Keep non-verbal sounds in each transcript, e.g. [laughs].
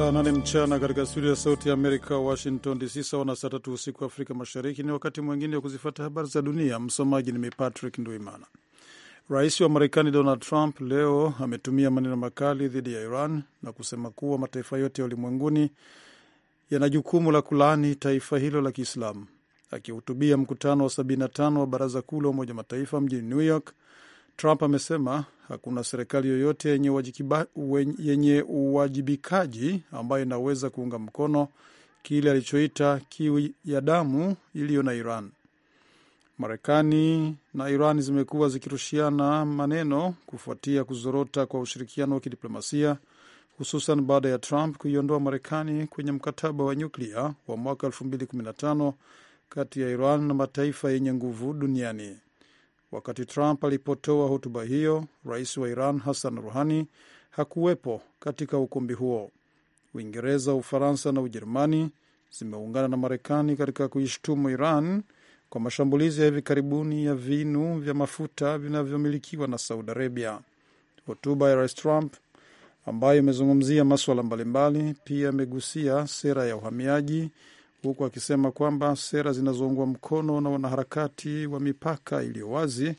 Saa nane mchana katika studio ya Sauti ya Amerika, Washington DC, sawa na saa tatu usiku wa Afrika Mashariki. Ni wakati mwingine wa kuzifata habari za dunia. Msomaji ni mimi Patrick Nduimana. Rais wa Marekani Donald Trump leo ametumia maneno makali dhidi ya Iran na kusema kuwa mataifa yote ya ulimwenguni yana jukumu la kulaani taifa hilo la Kiislamu. Akihutubia mkutano wa 75 wa Baraza Kuu la Umoja Mataifa mjini New York, Trump amesema hakuna serikali yoyote yenye uwajibikaji ambayo inaweza kuunga mkono kile alichoita kiu ya damu iliyo na Iran. Marekani na Iran zimekuwa zikirushiana maneno kufuatia kuzorota kwa ushirikiano wa kidiplomasia hususan baada ya Trump kuiondoa Marekani kwenye mkataba wa nyuklia wa mwaka 2015 kati ya Iran na mataifa yenye nguvu duniani. Wakati Trump alipotoa hotuba hiyo, rais wa Iran Hassan ruhani hakuwepo katika ukumbi huo. Uingereza, Ufaransa na Ujerumani zimeungana na Marekani katika kuishtumu Iran kwa mashambulizi ya hivi karibuni ya vinu vya mafuta vinavyomilikiwa na Saudi Arabia. Hotuba ya rais Trump ambayo imezungumzia maswala mbalimbali, pia amegusia sera ya uhamiaji huku akisema kwamba sera zinazoungwa mkono na wanaharakati wa mipaka iliyo wazi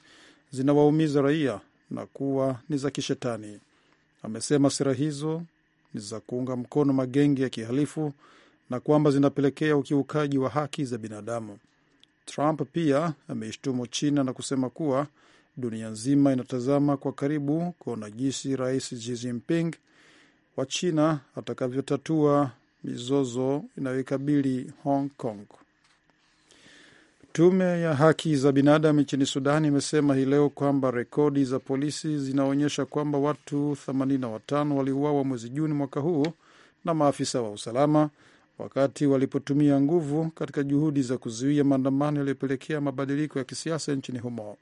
zinawaumiza raia na kuwa ni za kishetani. Amesema sera hizo ni za kuunga mkono magenge ya kihalifu na kwamba zinapelekea ukiukaji wa haki za binadamu. Trump pia ameishtumu China na kusema kuwa dunia nzima inatazama kwa karibu kuona jinsi Rais Xi Jinping wa China atakavyotatua mizozo inayoikabili Hong Kong. Tume ya haki za binadamu nchini Sudan imesema hii leo kwamba rekodi za polisi zinaonyesha kwamba watu 85 waliuawa mwezi Juni mwaka huu na maafisa wa usalama wakati walipotumia nguvu katika juhudi za kuzuia maandamano yaliyopelekea mabadiliko ya kisiasa nchini humo.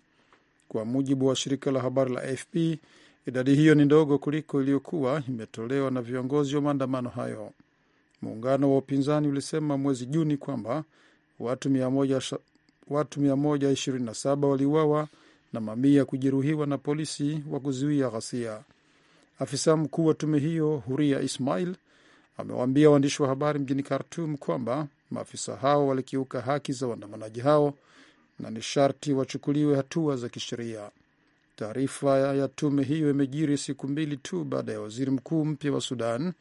Kwa mujibu wa shirika la habari la AFP, idadi hiyo ni ndogo kuliko iliyokuwa imetolewa na viongozi wa maandamano hayo. Muungano wa upinzani ulisema mwezi Juni kwamba watu 127 waliuawa na mamia kujeruhiwa na polisi wa kuzuia ghasia. Afisa mkuu wa tume hiyo Huria Ismail amewaambia waandishi wa habari mjini Khartum kwamba maafisa hao walikiuka haki za waandamanaji hao na ni sharti wachukuliwe hatua za kisheria. Taarifa ya tume hiyo imejiri siku mbili tu baada ya waziri mkuu mpya wa Sudan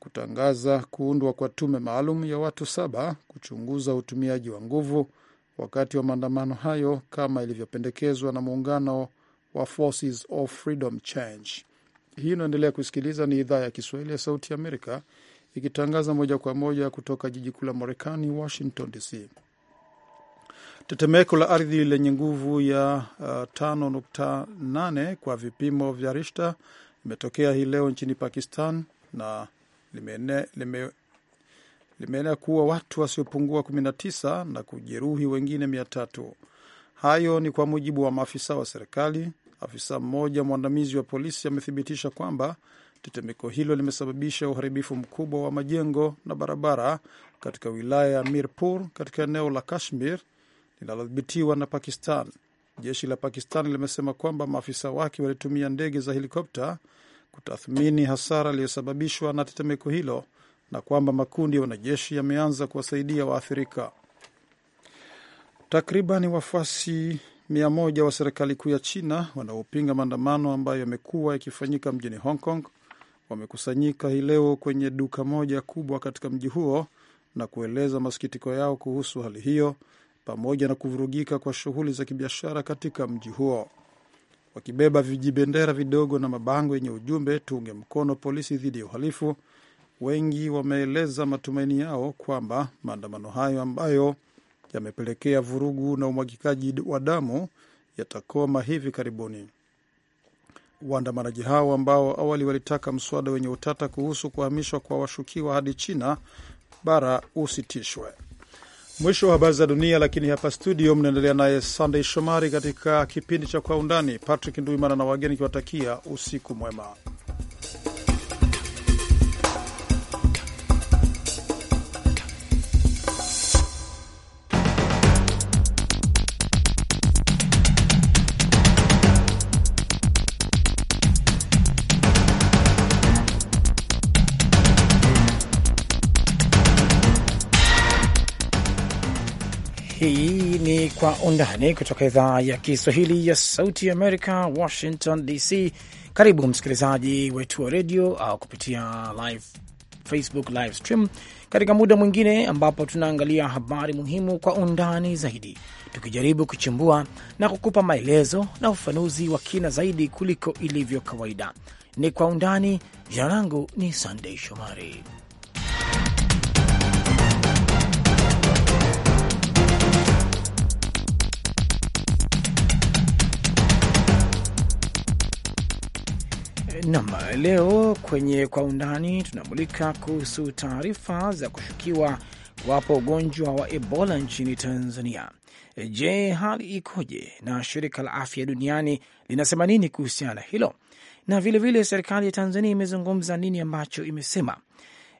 kutangaza kuundwa kwa tume maalum ya watu saba kuchunguza utumiaji wa nguvu wakati wa maandamano hayo kama ilivyopendekezwa na muungano wa Forces of Freedom Change. Hii inaendelea kusikiliza, ni idhaa ya Kiswahili ya Sauti ya Amerika ikitangaza moja kwa moja kutoka jiji kuu la Marekani, Washington DC. Tetemeko la ardhi lenye nguvu ya uh, 5.8 kwa vipimo vya Rishta imetokea hii leo nchini Pakistan na limeenea lime, kuwa watu wasiopungua 19 na kujeruhi wengine mia tatu. Hayo ni kwa mujibu wa maafisa wa serikali. Afisa mmoja mwandamizi wa polisi amethibitisha kwamba tetemeko hilo limesababisha uharibifu mkubwa wa majengo na barabara katika wilaya ya Mirpur katika eneo la Kashmir linalodhibitiwa na Pakistan. Jeshi la Pakistan limesema kwamba maafisa wake walitumia ndege za helikopta kutathmini hasara iliyosababishwa na tetemeko hilo na kwamba makundi ya wanajeshi yameanza kuwasaidia waathirika. Takriban wafuasi mia moja wa serikali kuu ya China wanaopinga maandamano ambayo yamekuwa yakifanyika mjini Hong Kong wamekusanyika hii leo kwenye duka moja kubwa katika mji huo na kueleza masikitiko yao kuhusu hali hiyo pamoja na kuvurugika kwa shughuli za kibiashara katika mji huo wakibeba vijibendera vidogo na mabango yenye ujumbe tuunge mkono polisi dhidi ya uhalifu. Wengi wameeleza matumaini yao kwamba maandamano hayo ambayo yamepelekea vurugu na umwagikaji wa damu yatakoma hivi karibuni. Waandamanaji hao ambao awali walitaka mswada wenye utata kuhusu kuhamishwa kwa washukiwa hadi China bara usitishwe. Mwisho wa habari za dunia, lakini hapa studio mnaendelea naye Sandey Shomari katika kipindi cha Kwa Undani. Patrick Nduimana na wageni kiwatakia usiku mwema. ni Kwa Undani kutoka idhaa ya Kiswahili ya Sauti Amerika, Washington DC. Karibu msikilizaji wetu wa redio au uh, kupitia live Facebook live stream katika muda mwingine ambapo tunaangalia habari muhimu kwa undani zaidi, tukijaribu kuchimbua na kukupa maelezo na ufanuzi wa kina zaidi kuliko ilivyo kawaida. Ni Kwa Undani. Jina langu ni Sandei Shomari. Nam, leo kwenye kwa undani tunamulika kuhusu taarifa za kushukiwa kuwapo ugonjwa wa Ebola nchini Tanzania. Je, hali ikoje na shirika la afya duniani linasema nini kuhusiana na hilo? Na vilevile vile serikali ya Tanzania imezungumza nini ambacho imesema,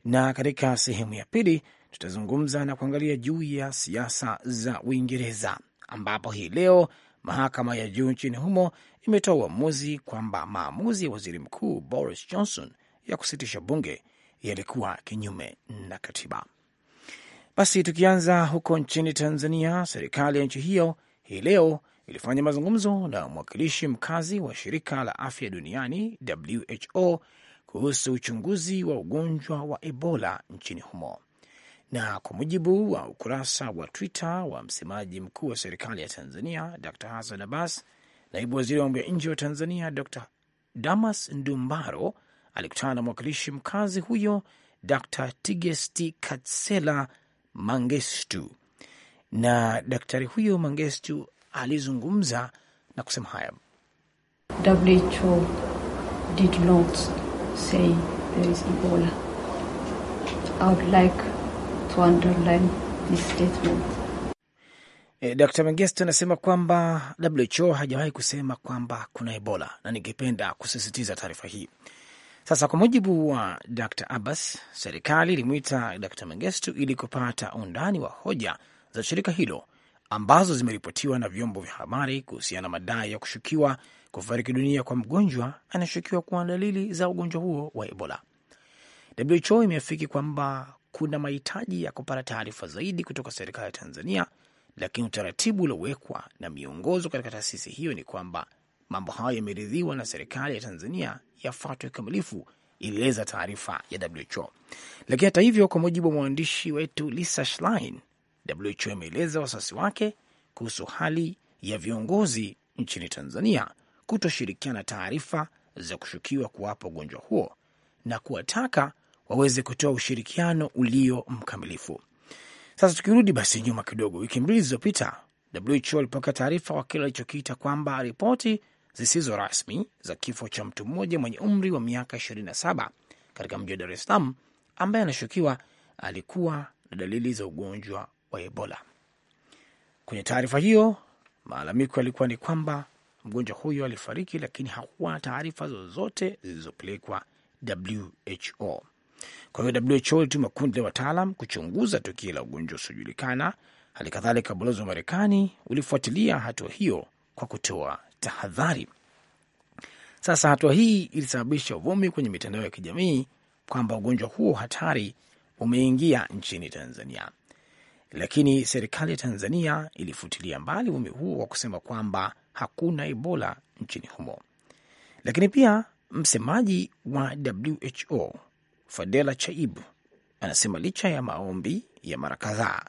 na katika sehemu ya pili tutazungumza na kuangalia juu ya siasa za Uingereza ambapo hii leo mahakama ya juu nchini humo imetoa uamuzi kwamba maamuzi ya waziri mkuu Boris Johnson ya kusitisha bunge yalikuwa kinyume na katiba. Basi tukianza huko nchini Tanzania, serikali ya nchi hiyo hii leo ilifanya mazungumzo na mwakilishi mkazi wa shirika la afya duniani WHO kuhusu uchunguzi wa ugonjwa wa Ebola nchini humo. Na kwa mujibu wa ukurasa wa Twitter wa msemaji mkuu wa serikali ya Tanzania Dr Hassan Abbas, Naibu waziri wa mambo ya nje wa Tanzania Dr Damas Ndumbaro alikutana na mwakilishi mkazi huyo Dr Tigesti Katsela Mangestu, na daktari huyo Mangestu alizungumza na kusema haya. WHO did not say there is Ebola. I would like to underline this statement. E, Dr. anasema kwamba WHO hajawahi kusema kwamba kuna Ebola na ningependa kusisitiza taarifa hii. Sasa kwa mujibu wa d Abbas, serikali ilimwita d Mengestu ili kupata undani wa hoja za shirika hilo ambazo zimeripotiwa na vyombo vya habari kuhusiana na madai ya kushukiwa kufariki dunia kwa mgonjwa anashukiwa kuwa na dalili za ugonjwa huo wa Ebola. WHO imeafiki kwamba kuna mahitaji ya kupata taarifa zaidi kutoka serikali ya Tanzania lakini utaratibu uliowekwa na miongozo katika taasisi hiyo ni kwamba mambo hayo yameridhiwa na serikali ya Tanzania yafuatwe kikamilifu, ilieleza taarifa ya WHO. Lakini hata hivyo, kwa mujibu wa mwandishi wetu Lisa Schlein, WHO imeeleza wasiwasi wake kuhusu hali ya viongozi nchini Tanzania kutoshirikiana taarifa za kushukiwa kuwapa ugonjwa huo na kuwataka waweze kutoa ushirikiano ulio mkamilifu. Sasa tukirudi basi nyuma kidogo, wiki mbili zilizopita, WHO alipokea taarifa kwa kile alichokiita kwamba ripoti zisizo rasmi za kifo cha mtu mmoja mwenye umri wa miaka 27 katika mji wa Dar es Salaam ambaye anashukiwa alikuwa na dalili za ugonjwa wa Ebola. Kwenye taarifa hiyo, maalamiko yalikuwa ni kwamba mgonjwa huyo alifariki, lakini hakuwa na taarifa zozote zilizopelekwa WHO. Kwa hiyo WHO ilituma kundi la wataalam kuchunguza tukio la ugonjwa usiojulikana. Hali kadhalika ubalozi wa Marekani ulifuatilia hatua hiyo kwa kutoa tahadhari. Sasa hatua hii ilisababisha uvumi kwenye mitandao ya kijamii kwamba ugonjwa huo hatari umeingia nchini Tanzania, lakini serikali ya Tanzania ilifutilia mbali uvumi huo kwa kusema kwamba hakuna Ebola nchini humo. Lakini pia msemaji wa WHO Fadela Chaib anasema licha ya maombi ya mara kadhaa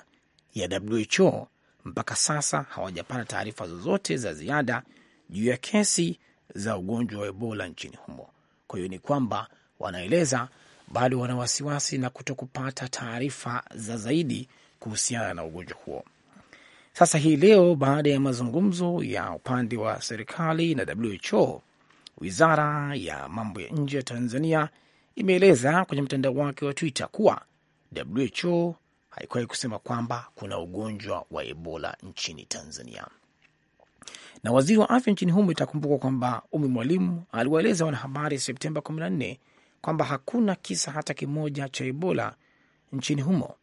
ya WHO mpaka sasa hawajapata taarifa zozote za ziada juu ya kesi za ugonjwa wa Ebola nchini humo. Kwa hiyo ni kwamba wanaeleza bado wana wasiwasi na kutokupata taarifa za zaidi kuhusiana na ugonjwa huo. Sasa hii leo, baada ya mazungumzo ya upande wa serikali na WHO, wizara ya mambo ya nje ya Tanzania imeeleza kwenye mtandao wake wa Twitter kuwa WHO haikuwahi kusema kwamba kuna ugonjwa wa Ebola nchini Tanzania. Na waziri wa afya nchini humo, itakumbukwa kwamba Umi Mwalimu aliwaeleza wanahabari Septemba 14 kwamba hakuna kisa hata kimoja cha Ebola nchini humo.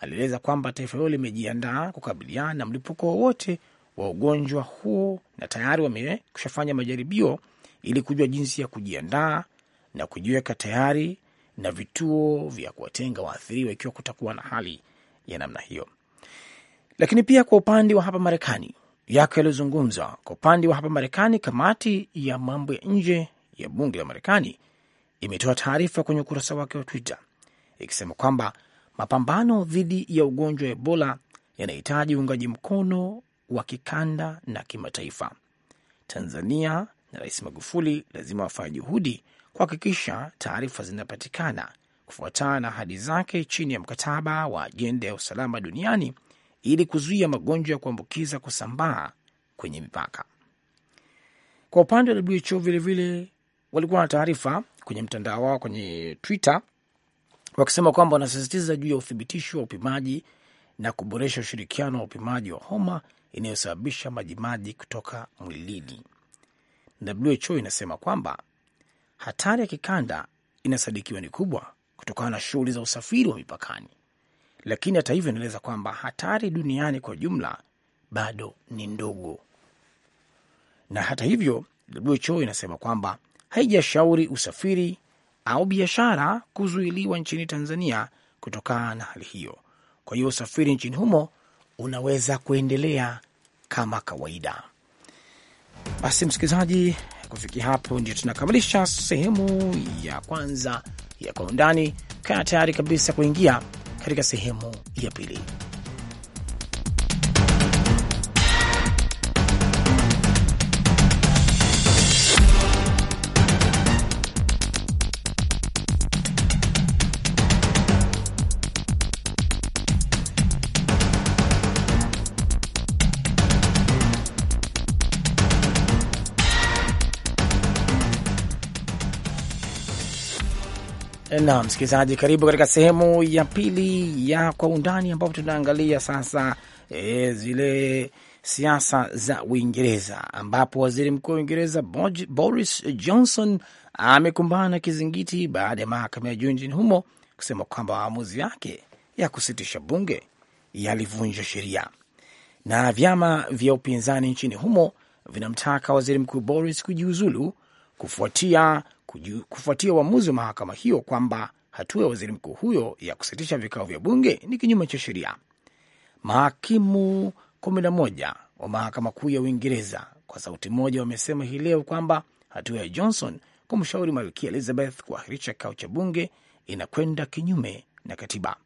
Alieleza kwamba taifa hilo limejiandaa kukabiliana na mlipuko wowote wa ugonjwa huo na tayari wamekushafanya majaribio ili kujua jinsi ya kujiandaa na kujiweka tayari na vituo vya kuwatenga waathiriwa ikiwa kutakuwa na hali ya namna hiyo. Lakini pia kwa upande wa hapa Marekani yako yaliyozungumzwa. Kwa upande wa hapa Marekani, kamati ya mambo ya nje ya bunge la Marekani imetoa taarifa kwenye ukurasa wake wa Twitter ikisema kwamba mapambano dhidi ya ugonjwa wa Ebola yanahitaji uungaji mkono wa kikanda na kimataifa. Tanzania na Rais Magufuli lazima wafanya juhudi kuhakikisha taarifa zinapatikana kufuatana na ahadi zake chini ya mkataba wa ajenda ya usalama duniani ili kuzuia magonjwa ya kuambukiza kusambaa kwenye mipaka. Kwa upande wa WHO vilevile walikuwa na taarifa kwenye mtandao wao kwenye Twitter wakisema kwamba wanasisitiza juu ya uthibitisho wa upimaji na kuboresha ushirikiano wa upimaji wa homa inayosababisha majimaji kutoka mwilini. WHO inasema kwamba hatari ya kikanda inasadikiwa ni kubwa kutokana na shughuli za usafiri wa mipakani, lakini hata hivyo inaeleza kwamba hatari duniani kwa jumla bado ni ndogo. Na hata hivyo WHO inasema kwamba haijashauri usafiri au biashara kuzuiliwa nchini Tanzania kutokana na hali hiyo. Kwa hiyo usafiri nchini humo unaweza kuendelea kama kawaida. Basi msikilizaji, Kufikia hapo ndio tunakamilisha sehemu ya kwanza ya Kwa Undani. Kaa tayari kabisa kuingia katika sehemu ya pili. na msikilizaji, karibu katika sehemu ya pili ya Kwa Undani, ambapo tunaangalia sasa e, zile siasa za Uingereza, ambapo waziri mkuu wa Uingereza Boris Johnson amekumbana na kizingiti baada ya mahakama ya juu nchini humo kusema kwamba maamuzi yake ya kusitisha bunge yalivunja sheria, na vyama vya upinzani nchini humo vinamtaka waziri mkuu Boris kujiuzulu kufuatia kufuatia uamuzi wa mahakama hiyo kwamba hatua ya waziri mkuu huyo ya kusitisha vikao vya bunge ni kinyume cha sheria. Mahakimu 11 wa mahakama kuu ya Uingereza kwa sauti moja wamesema hii leo kwamba hatua ya Johnson kumshauri malkia Elizabeth kuahirisha kikao cha bunge inakwenda kinyume na katiba.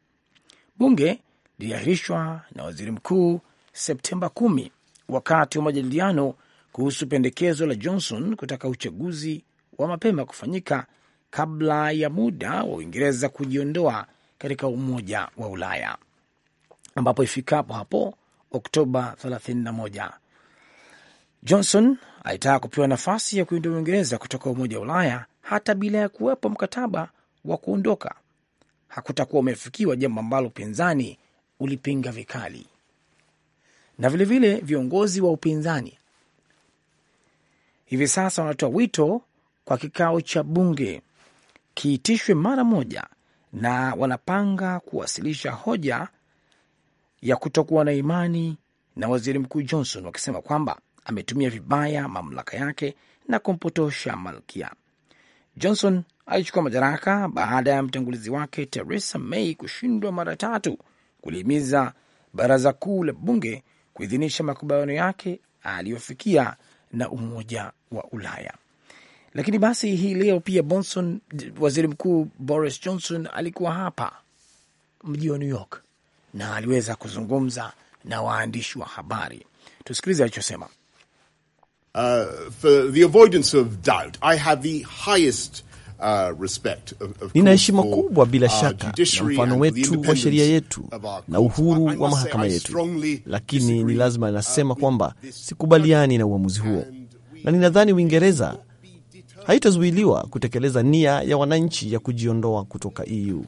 Bunge liliahirishwa na waziri mkuu Septemba 10 wakati wa majadiliano kuhusu pendekezo la Johnson kutaka uchaguzi wa mapema kufanyika kabla ya muda wa Uingereza kujiondoa katika Umoja wa Ulaya ambapo ifikapo hapo Oktoba 31. Johnson alitaka kupewa nafasi ya kuindoa Uingereza kutoka Umoja wa Ulaya hata bila ya kuwepo mkataba wa kuondoka. Hakutakuwa umefikiwa, jambo ambalo upinzani ulipinga vikali, na vilevile vile viongozi wa upinzani hivi sasa wanatoa wito kwa kikao cha bunge kiitishwe mara moja, na wanapanga kuwasilisha hoja ya kutokuwa na imani na waziri mkuu Johnson, wakisema kwamba ametumia vibaya mamlaka yake na kumpotosha malkia. Johnson alichukua madaraka baada ya mtangulizi wake Theresa May kushindwa mara tatu kulihimiza baraza kuu la bunge kuidhinisha makubaliano yake aliyofikia na Umoja wa Ulaya. Lakini basi hii leo pia Bonson, waziri mkuu Boris Johnson alikuwa hapa mji wa New York na aliweza kuzungumza na waandishi wa habari. Tusikilize alichosema. Uh, for the avoidance of doubt I have the highest Uh, nina heshima kubwa bila shaka na mfano wetu wa sheria yetu na uhuru wa mahakama yetu, lakini ni lazima nasema uh, kwamba sikubaliani na uamuzi huo, na ninadhani Uingereza haitazuiliwa kutekeleza nia ya wananchi ya kujiondoa kutoka EU.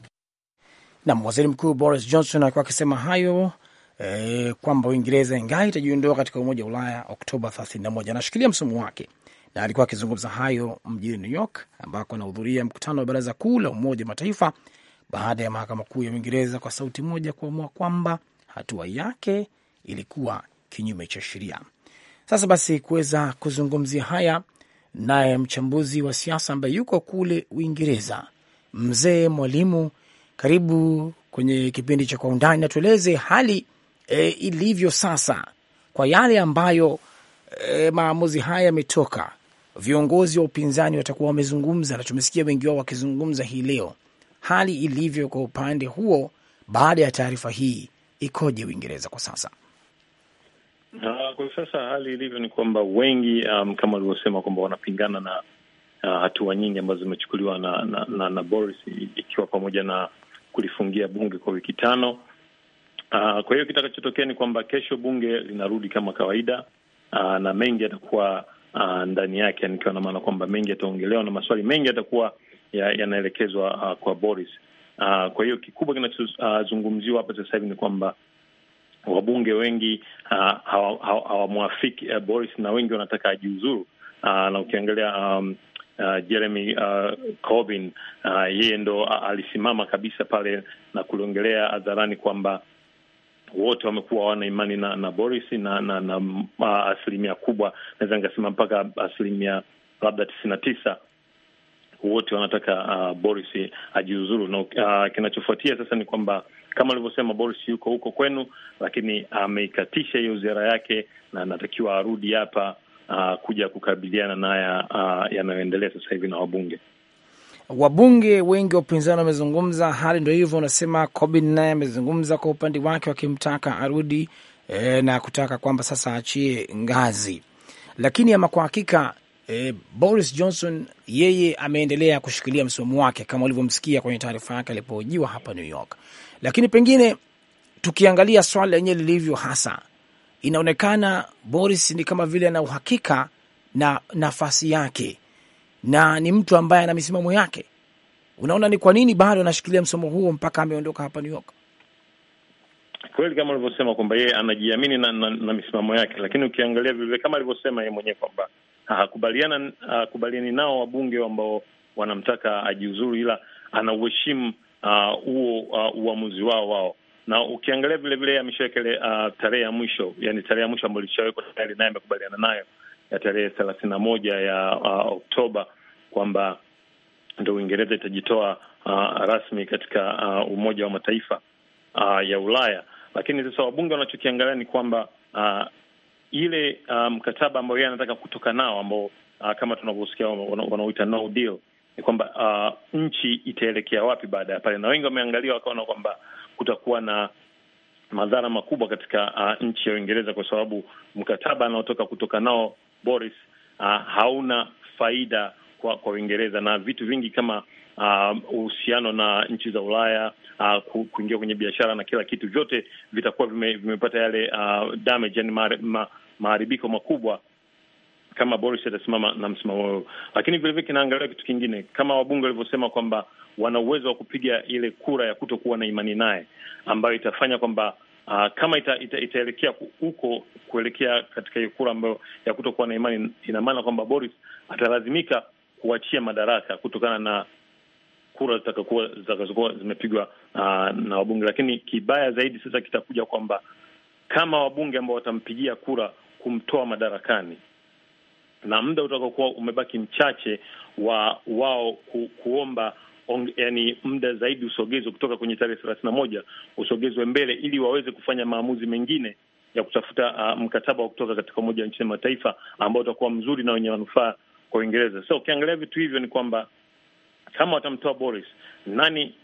Nam waziri mkuu Boris Johnson alikuwa akisema hayo eh, kwamba Uingereza ingai itajiondoa katika umoja wa Ulaya Oktoba 31. Anashikilia msomo wake na alikuwa akizungumza hayo mjini New York ambako anahudhuria mkutano wa baraza kuu la Umoja wa Mataifa baada ya mahakama kuu ya Uingereza kwa sauti moja kuamua kwamba hatua yake ilikuwa kinyume cha sheria. Sasa basi, kuweza kuzungumzia haya naye mchambuzi wa siasa ambaye yuko kule Uingereza, Mzee Mwalimu, karibu kwenye kipindi cha Kwa Undani, na tueleze hali e, ilivyo sasa kwa yale ambayo e, maamuzi haya yametoka viongozi wa upinzani watakuwa wamezungumza, na tumesikia wengi wao wakizungumza hii leo. Hali ilivyo kwa upande huo baada ya taarifa hii ikoje Uingereza kwa sasa? Na kwa sasa hali ilivyo ni kwamba wengi um, kama walivyosema kwamba wanapingana na uh, hatua nyingi ambazo zimechukuliwa na, na, na, na Boris ikiwa pamoja na kulifungia bunge kwa wiki tano. Uh, kwa hiyo kitakachotokea ni kwamba kesho bunge linarudi kama kawaida uh, na mengi yatakuwa uh, ndani yake, nikiwa na maana kwamba mengi yataongelewa na maswali mengi yatakuwa yanaelekezwa ya uh, kwa Boris. Uh, kwa hiyo kikubwa kinachozungumziwa uh, hapa sasa hivi ni kwamba wabunge wengi uh, ah, hawamwafiki hawa, hawa uh, Boris na wengi wanataka ajiuzuru. Uh, na ukiangalia um, uh, Jeremy uh, Corbyn uh, yeye ndo uh, alisimama kabisa pale na kuliongelea hadharani kwamba wote wamekuwa hawana imani na, na Boris na, na, na uh, asilimia kubwa naweza nikasema mpaka asilimia labda tisini na tisa wote wanataka uh, Boris ajiuzuru na uh, kinachofuatia sasa ni kwamba kama alivyosema Boris yuko huko kwenu, lakini ameikatisha hiyo ziara yake na anatakiwa arudi hapa uh, kuja kukabiliana na haya uh, yanayoendelea sasa hivi na wabunge. Wabunge wengi wa upinzani wamezungumza, hali ndo hivyo. Unasema Corbyn naye amezungumza kwa upande wake, wakimtaka arudi e, na kutaka kwamba sasa achie ngazi, lakini ama kwa hakika e, Boris Johnson yeye ameendelea kushikilia msimamo wake kama ulivyomsikia kwenye taarifa yake alipohojiwa hapa New York. Lakini pengine tukiangalia swala lenyewe lilivyo hasa, inaonekana Boris ni kama vile ana uhakika na nafasi yake na ni mtu ambaye ana misimamo yake. Unaona ni kwa nini bado anashikilia msimamo huo mpaka ameondoka hapa New York? Kweli kama alivyosema kwamba yeye anajiamini na, na, na misimamo yake, lakini ukiangalia vilevile kama alivyosema yeye mwenyewe kwamba hakubaliana hakubaliani nao wabunge ambao wanamtaka ajiuzuru, ila uheshimu uh, huo uh, uh, uamuzi wao wao na ukiangalia vilevile vile uh, tarehe ya mwisho, yani tarehe ya mwisho ambayo ilishawekwa tayari, naye amekubaliana nayo ya tarehe thelathini na moja ya uh, Oktoba kwamba ndo Uingereza itajitoa uh, rasmi katika uh, Umoja wa Mataifa uh, ya Ulaya. Lakini sasa wabunge wanachokiangalia ni kwamba uh, ile uh, mkataba um, ambao yeye anataka kutoka nao ambao uh, kama tunavyosikia wanaoita no deal ni kwamba uh, nchi itaelekea wapi baada ya pale, na wengi wameangalia wakaona kwamba kutakuwa na madhara makubwa katika uh, nchi ya Uingereza kwa sababu mkataba anaotoka kutoka nao Boris uh, hauna faida kwa kwa Uingereza na vitu vingi kama uh, uhusiano na nchi za Ulaya uh, kuingia kwenye biashara na kila kitu, vyote vitakuwa vime, vimepata yale uh, damage, yani maharibiko ma, makubwa kama Boris atasimama na msimamo huo. Lakini vilevile kinaangalia kitu kingine, kama wabunge walivyosema kwamba wana uwezo wa kupiga ile kura ya kutokuwa na imani naye, ambayo itafanya kwamba Uh, kama itaelekea ita, itaelekea huko kuelekea katika hiyo kura ambayo ya kutokuwa na imani, ina maana kwamba Boris atalazimika kuachia madaraka kutokana na kura zitakazokuwa zimepigwa uh, na wabunge. Lakini kibaya zaidi sasa kitakuja kwamba kama wabunge ambao watampigia kura kumtoa madarakani na muda utakaokuwa umebaki mchache wa wao ku, kuomba yani muda zaidi usogezwe kutoka kwenye tarehe thelathini na moja usogezwe mbele ili waweze kufanya maamuzi mengine ya kutafuta uh, mkataba wa kutoka katika Umoja wa Nchi za Mataifa ambao utakuwa mzuri na wenye manufaa kwa Uingereza. So ukiangalia vitu hivyo ni kwamba kama watamtoa Boris, nani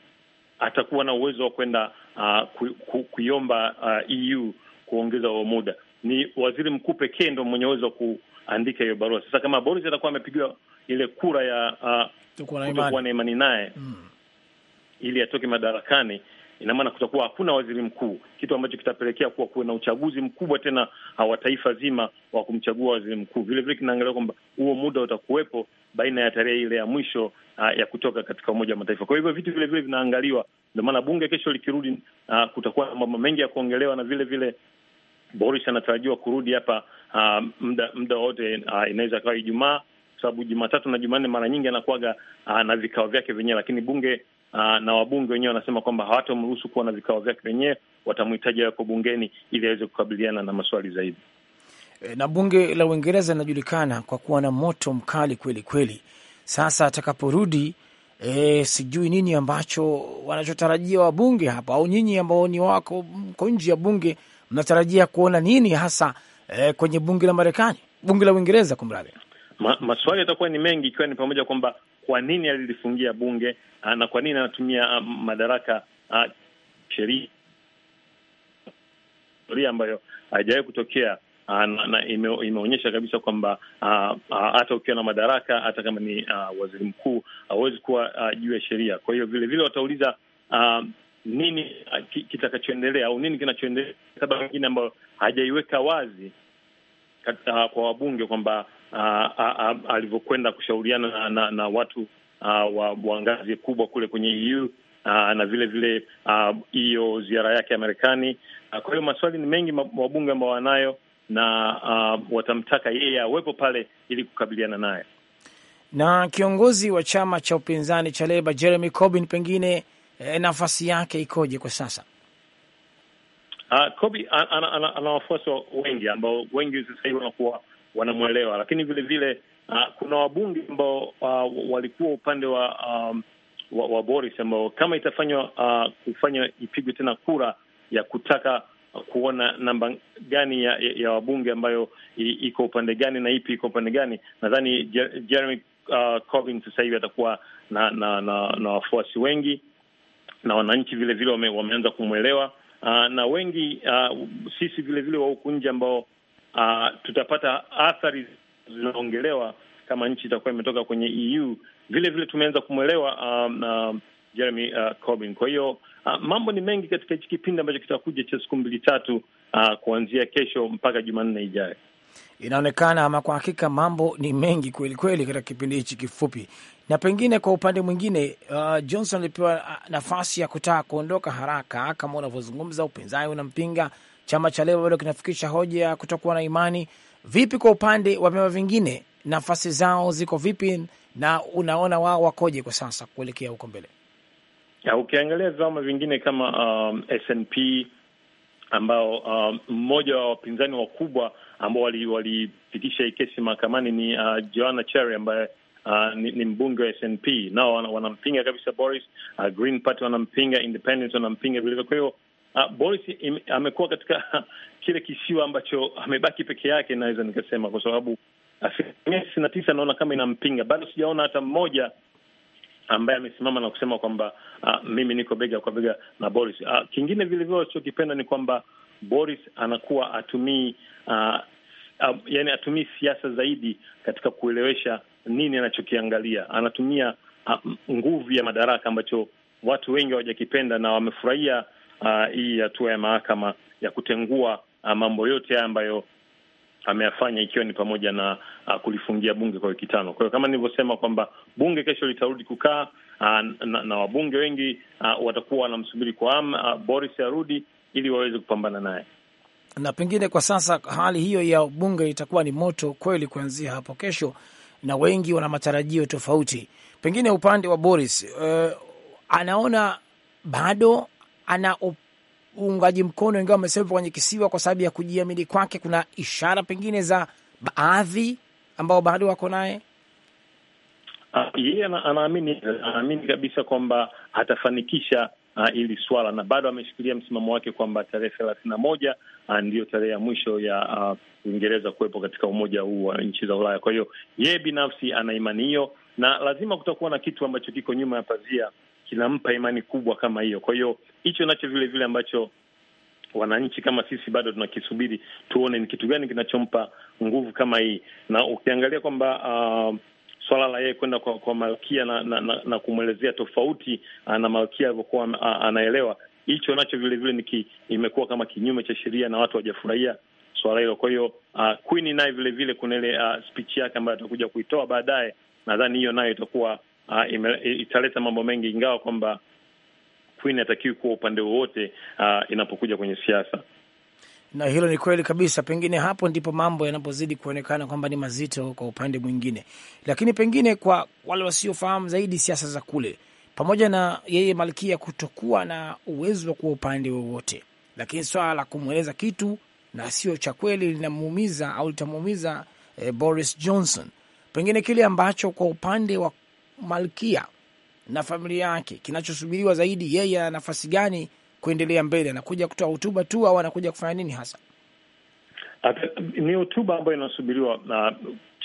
atakuwa na uwezo wa kwenda uh, ku, ku, kuiomba uh, ah, EU kuongeza huo muda? Ni waziri mkuu pekee ndo mwenye uwezo wa kuandika hiyo barua. Sasa kama Boris atakuwa amepigiwa ile kura ya ah, kutokuwa na imani naye mm, ili atoke madarakani, ina maana kutakuwa hakuna waziri mkuu, kitu ambacho kitapelekea kuwa kuwe na uchaguzi mkubwa tena ah, wa taifa zima wa kumchagua waziri mkuu. Vile vile kinaangalia kwamba huo muda utakuwepo baina ya tarehe ile ya mwisho uh, ya kutoka katika Umoja wa Mataifa. Kwa hivyo vitu vile vile vinaangaliwa, ndio maana bunge kesho likirudi, uh, kutakuwa na mambo mengi ya kuongelewa na vile vile Boris anatarajiwa kurudi hapa uh, muda wowote uh, inaweza kawa Ijumaa sababu Jumatatu na Jumanne mara nyingi anakuwaga ah, na vikao vyake vyenyewe, lakini bunge aa, ah, na wabunge wenyewe wanasema kwamba hawatamruhusu kuwa na vikao vyake wenyewe, watamhitaji wako bungeni ili aweze kukabiliana na maswali zaidi. E, na bunge la Uingereza linajulikana kwa kuwa na moto mkali kweli kweli. Sasa atakaporudi E, sijui nini ambacho wanachotarajia wabunge hapa, au nyinyi ambao ni wako mko nje ya bunge mnatarajia kuona nini hasa e, kwenye bunge la Marekani, bunge la Uingereza kumradhi? ma, maswali yatakuwa ni mengi, ikiwa ni pamoja kwamba kwa nini alilifungia bunge ah, na kwa nini anatumia ah, madaraka ah, sheria ambayo haijawahi kutokea na, na ime, imeonyesha kabisa kwamba hata ukiwa na madaraka hata kama ni a, waziri mkuu hawezi kuwa juu ya sheria. Kwa hiyo vilevile watauliza a, nini kitakachoendelea au nini kinachoendelea, sababu nyingine ambayo hajaiweka wazi kata, kwa wabunge kwamba alivyokwenda kushauriana na, na, na watu wa, wa ngazi kubwa kule kwenye EU uh, na vile vile hiyo ziara yake ya Marekani. Kwa hiyo maswali ni mengi wabunge ambao wanayo na uh, watamtaka yeye awepo pale ili kukabiliana naye. Na kiongozi wa chama cha upinzani cha Leba Jeremy Corbyn, pengine eh, nafasi yake ikoje kwa sasa? Uh, Corbyn ana wafuasi wengi ambao wengi sasa hivi wanakuwa wanamwelewa, lakini vile vile uh, kuna wabunge ambao uh, walikuwa upande wa, um, wa, wa Boris ambao kama itafanywa uh, kufanywa ipigwe tena kura ya kutaka kuona namba gani ya, ya wabunge ambayo iko upande gani na ipi iko upande gani, nadhani Jeremy uh, Corbyn sasa hivi atakuwa na na, na, na wafuasi wengi na wananchi vile vile wame, wameanza kumwelewa uh, na wengi uh, sisi vile vile wa huku nje ambao uh, tutapata athari zinaongelewa kama nchi itakuwa imetoka kwenye EU. Vile vile tumeanza kumwelewa um, uh, Jeremy uh, Corbyn. Kwa hiyo uh, mambo ni mengi katika hichi kipindi ambacho kitakuja cha siku mbili tatu, uh, kuanzia kesho mpaka Jumanne ijayo. Inaonekana ama kwa hakika mambo ni mengi kweli kweli katika kipindi hichi kifupi. Na pengine kwa upande mwingine, uh, Johnson alipewa uh, nafasi ya kutaka kuondoka haraka, kama unavyozungumza, upinzani unampinga, chama cha Leba bado kinafikisha hoja ya kutokuwa na imani. Vipi kwa upande wa vyama vingine, nafasi zao ziko vipi na unaona wao wakoje kwa sasa kuelekea huko mbele? Ukiangalia vyama vingine kama um, SNP ambao um, mmoja um, wa wapinzani wakubwa ambao walipitisha wali hii kesi mahakamani ni uh, Joanna Cherry ambaye Uh, ni, ni mbunge wa SNP nao wanampinga kabisa Boris. Uh, Green Party wanampinga, wanampinga vilevile. Kwa hiyo uh, Boris amekuwa katika [laughs] kile kisiwa ambacho amebaki peke yake, naweza nikasema, kwa sababu asilimia tisini na tisa naona kama inampinga. Bado sijaona hata mmoja ambaye amesimama na kusema kwamba uh, mimi niko bega kwa bega na Boris. Uh, kingine vilevile wasichokipenda ni kwamba Boris anakuwa atumii uh, uh, yani atumii siasa zaidi katika kuelewesha nini anachokiangalia. Anatumia uh, nguvu ya madaraka ambacho watu wengi hawajakipenda na wamefurahia Ah, hii uh, hatua ya mahakama ya kutengua uh, mambo yote haya ambayo ameyafanya ikiwa ni pamoja na uh, kulifungia bunge kwa wiki tano. Kwa hiyo kama nilivyosema kwamba bunge kesho litarudi kukaa uh, na, na wabunge wengi uh, watakuwa wanamsubiri kwa am, uh, Boris arudi ili waweze kupambana naye, na pengine kwa sasa hali hiyo ya bunge itakuwa ni moto kweli kuanzia hapo kesho, na wengi wana matarajio tofauti. Pengine upande wa Boris uh, anaona bado ana uungaji mkono, ingawa amesema kwenye kisiwa kwa sababu ya kujiamini kwake. Kuna ishara pengine za baadhi ambao bado wako naye ah, yeye anaamini anaamini kabisa kwamba atafanikisha uh, ah, ili swala na bado ameshikilia msimamo wake kwamba tarehe thelathini na moja uh, ndiyo tarehe ya mwisho ya Uingereza uh, kuwepo katika umoja huu wa nchi za Ulaya. Kwa hiyo yeye binafsi ana imani hiyo, na lazima kutakuwa na kitu ambacho kiko nyuma ya pazia kinampa imani kubwa kama hiyo. Kwa hiyo hicho nacho vile vile ambacho wananchi kama sisi bado tunakisubiri tuone ni kitu gani kinachompa nguvu kama hii, na ukiangalia kwamba uh, swala la yeye kwenda kwa, kwa malkia na, na, na, na kumwelezea tofauti uh, na malkia alivyokuwa uh, anaelewa, hicho nacho vile vile imekuwa kama kinyume cha sheria na watu wajafurahia swala hilo. Kwa hiyo uh, Queen naye vile vile kuna ile uh, speech yake ambayo atakuja kuitoa baadaye, nadhani hiyo nayo itakuwa uh, italeta mambo mengi, ingawa kwamba Queen hatakiwi kuwa upande wowote uh, inapokuja kwenye siasa na hilo ni kweli kabisa. Pengine hapo ndipo mambo yanapozidi kuonekana kwamba ni mazito kwa upande mwingine, lakini pengine kwa wale wasiofahamu zaidi siasa za kule, pamoja na yeye malkia kutokuwa na uwezo wa kuwa upande wowote, lakini swala la kumweleza kitu na sio cha kweli linamuumiza au litamuumiza eh, Boris Johnson. Pengine kile ambacho kwa upande wa malkia na familia yake, kinachosubiriwa zaidi, yeye ana nafasi gani kuendelea mbele? Anakuja kutoa hotuba tu au anakuja kufanya nini hasa? Ni hotuba ambayo inasubiriwa na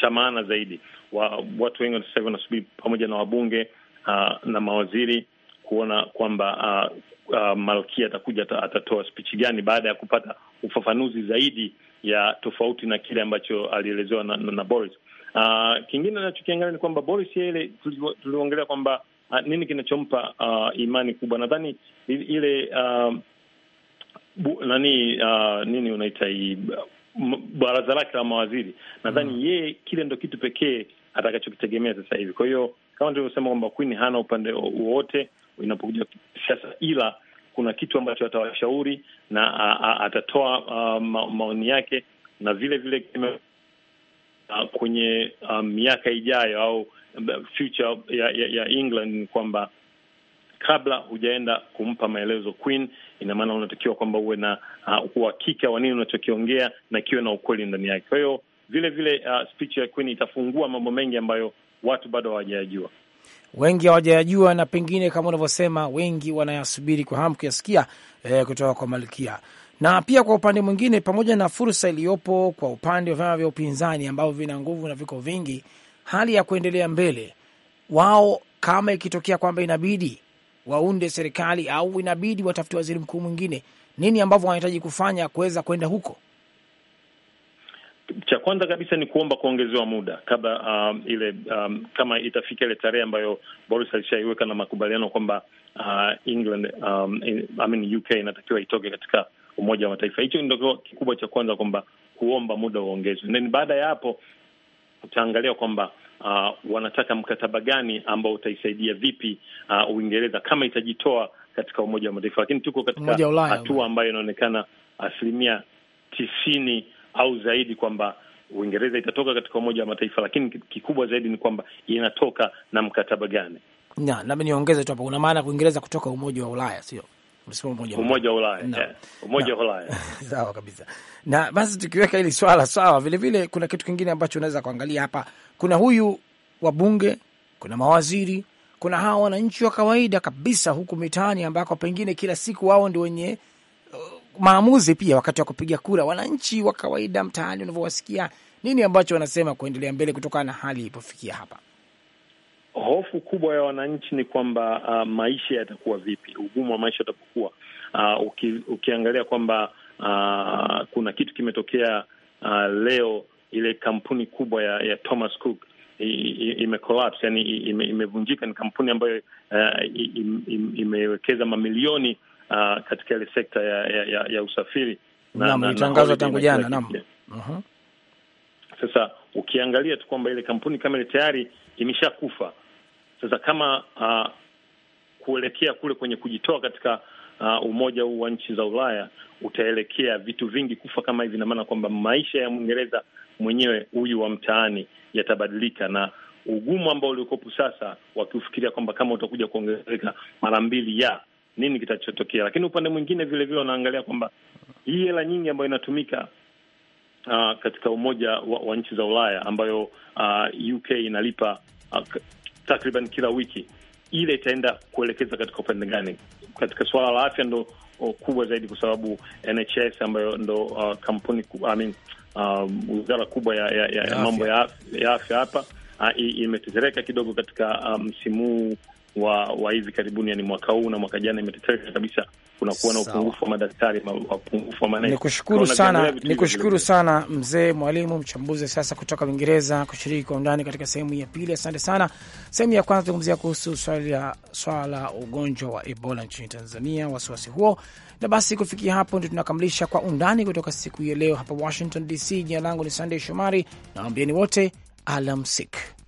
cha maana zaidi wa, watu wengi sasa hivi wanasubiri pamoja na wabunge uh, na mawaziri kuona kwamba uh, uh, malkia atakuja atatoa spichi gani baada ya kupata ufafanuzi zaidi ya tofauti na kile ambacho alielezewa na, na, na Boris. Uh, kingine nachokiangalia ni kwamba Boris Yele tuliongelea kwamba uh, nini kinachompa uh, imani kubwa, nadhani ile uh, bu, nani uh, nini unaita hii baraza lake la mawaziri, nadhani mm, yeye kile ndo kitu pekee atakachokitegemea sasa hivi. Kwa hiyo kama tulivyosema kwamba Queen hana upande wowote inapokuja siasa, ila kuna kitu ambacho atawashauri na a, a, atatoa maoni yake na vile vile uh, kwenye ah, miaka um, ijayo au future ya, ya, ya England ni kwamba kabla hujaenda kumpa maelezo Queen, ina maana unatakiwa kwamba uwe na ah, uhakika wa nini unachokiongea na kiwe na ukweli ndani yake. Kwa hiyo vile vile uh, speech ya Queen itafungua mambo mengi ambayo watu bado hawajayajua, wengi hawajayajua, na pengine kama unavyosema, wengi wanayasubiri kwa hamu kuyasikia eh, kutoka kwa malkia na pia kwa upande mwingine, pamoja na fursa iliyopo kwa upande wa vyama vya upinzani ambavyo vina nguvu na viko vingi, hali ya kuendelea mbele wao, kama ikitokea kwamba inabidi waunde serikali au inabidi watafute waziri mkuu mwingine, nini ambavyo wanahitaji kufanya kuweza kwenda huko? Cha kwanza kabisa ni kuomba kuongezewa muda kabla, um, ile um, kama itafika ile tarehe ambayo Boris alishaiweka na makubaliano kwamba uh, England um, in, I mean UK inatakiwa itoke katika Umoja wa Mataifa. Hicho ndio kikubwa cha kwanza, kwamba kuomba muda uongezwe, na baada ya hapo utaangalia kwamba uh, wanataka mkataba gani ambao utaisaidia vipi uh, Uingereza kama itajitoa katika Umoja wa Mataifa, lakini tuko katika Ulaya, hatua ambayo inaonekana asilimia tisini au zaidi kwamba Uingereza itatoka katika Umoja wa Mataifa, lakini kikubwa zaidi ni kwamba inatoka na mkataba gani. Na nami niongeze tu hapo, kuna maana Uingereza kutoka Umoja wa Ulaya, sio? msemo mmoja umoja wa Ulaya no. yeah. umoja wa Ulaya [laughs] sawa kabisa. Na basi tukiweka hili swala sawa, vile vile kuna kitu kingine ambacho unaweza kuangalia hapa. Kuna huyu wabunge, kuna mawaziri, kuna hawa wananchi wa kawaida kabisa huku mitaani ambako pengine kila siku wao ndio wenye uh, maamuzi pia wakati wa kupiga kura. Wananchi wa kawaida mtaani, unavyowasikia nini ambacho wanasema kuendelea mbele kutokana na hali ilipofikia hapa? hofu kubwa ya wananchi ni kwamba uh, maisha yatakuwa vipi, ugumu wa maisha utapokuwa uh, uki, ukiangalia kwamba uh, kuna kitu kimetokea uh, leo, ile kampuni kubwa ya, ya Thomas Cook imecollapse yani imevunjika. Ime ni kampuni ambayo uh, imewekeza mamilioni uh, katika ile sekta ya, ya, ya usafiri na ilitangazwa tangu jana uh-huh. Sasa ukiangalia tu kwamba ile kampuni kama ile tayari imeshakufa sasa kama uh, kuelekea kule kwenye kujitoa katika uh, umoja huu wa nchi za Ulaya utaelekea vitu vingi kufa kama hivi, inamaana kwamba maisha ya Mwingereza mwenyewe huyu wa mtaani yatabadilika na ugumu ambao uliokopu sasa, wakiufikiria kwamba kama utakuja kuongezeka mara mbili ya nini kitachotokea. Lakini upande mwingine vilevile wanaangalia kwamba hii hela nyingi ambayo inatumika uh, katika umoja wa, wa nchi za Ulaya ambayo uh, UK inalipa uh, takriban kila wiki, ile itaenda kuelekeza katika upande gani? Katika suala la afya ndo oh, kubwa zaidi, kwa sababu NHS ambayo ndo uh, kampuni I mean, um, wizara kubwa ya, ya, ya, ya mambo ya, afya hapa ah, imetetereka kidogo katika um, msimu um, huu wa, wa hivi karibuni, yani mwaka huu na mwaka jana imetetereka kabisa kunakuwa na upungufu wa madaktari, upungufu wa manesi. Nikushukuru sana, nikushukuru sana mzee Mwalimu, mchambuzi wa siasa kutoka Uingereza, kushiriki kwa undani katika sehemu ya pili. Asante sana. Sehemu ya kwanza tuzungumzia kuhusu swala la ugonjwa wa Ebola nchini Tanzania, wasiwasi huo. Na basi kufikia hapo ndio tunakamilisha kwa undani kutoka siku ya leo hapa Washington DC. Jina langu ni Sandey Shomari, nawambieni wote alamsik.